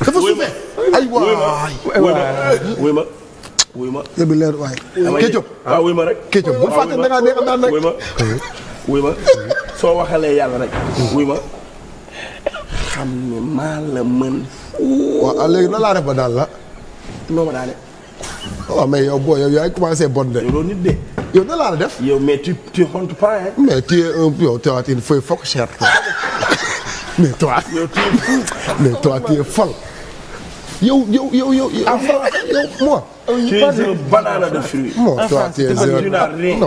dafa suufee ay waay wuy ma wuy leer waay. Ketchup ah, waaw rek. Ketchup bu ah, fàtte da ngaa soo waxalee yàlla rek. ma xam mën. waaw ah, léegi nan laa ba daal la. noo ma daale. yow boo yow yaay commencé bon de. yow nit def. yow mais tu yow tu as une feuille fourchette. mais toi. yow tu es fou. yow yow yow yow en ah, France yow moi.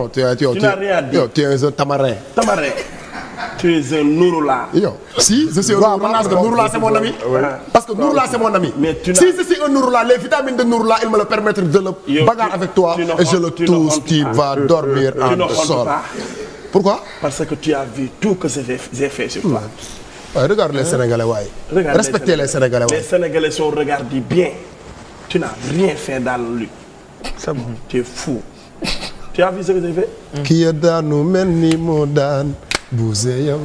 tu es yow tu es un tamarin. tamarin. tu es un Nouroula. si je suis un Nouroula ah. parce que Nouroula c'est mon ami. parce mais tu si je suis un Nouroula les vitamines de Nouroula il me le permettre de le bagarre avec toi et je le tousse tu vas dormir en sort. pourquoi. parce que tu as vu tout que j'ai fait sur toi. waaye regarde les sénégalais waaye. regarde respectez les sénégalais waaye. les sénégalais sont regardés bien. tu n'as rien fait dans la lutte. c'est bon tu es fou. tu as vu ce que j'ai fait. ki ya daanu mel ni moo daan buuse yow.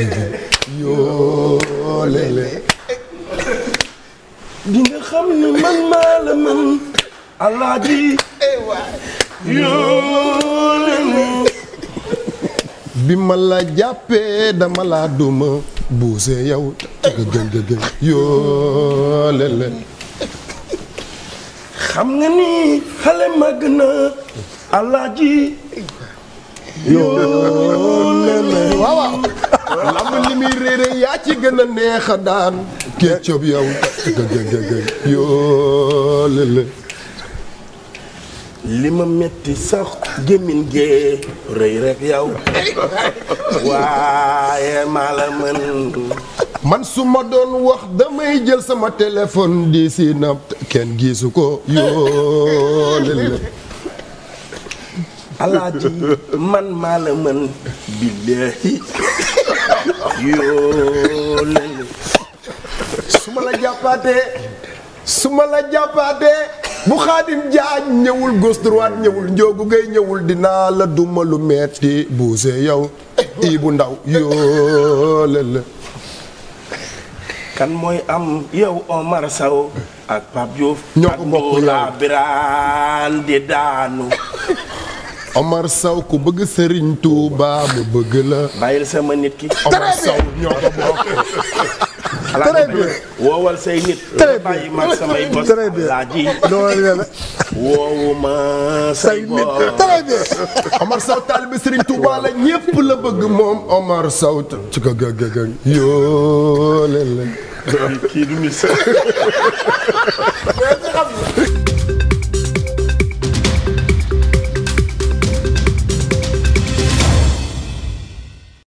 yoo léeg-léeg. di nga xam ni man maa la man. alaaji. Eh, yoo léeg-léeg. bi ma la jàppee dama la duma. buuse yow gën gën yoo lele xam nga ni xale màgg na alaaji yoo lele waaw waaw li muy réere yaa ci gën neex a daan kéccob yow gën gën yoo lele li ma metti sax gémmiñ gee rëy rek yow waaye maa la mën man su ma doon wax damay jël sama téléphone di si na kenn giisu ko yoolel alaaji man maa la mën billaahi yoolel su ma la jàppaatee su ma la jàppaatee bu xaadim jaaj ñëwul gauche droite ñëwul njoogu gay ñëwul dinaa la duma lu metti buuse yow eh, ii bu ndaw yoo kan mooy am yow Omar Sow ak Pape Diouf ñoo ko bokk di daanu Omar Sow ku bëgg sëriñtu Touba mu bëgg la bàyyil sama nit ki Omar Sow ñoo ko très bien woowal say nit. très bien ma samay bos. très bien alaaji. woowuma say nit très bien. Omar Sow taalibe Serigne Touba la ñëpp la bëgg moom Omar Sow. ci ko gë gë gë yoo leen kii du mi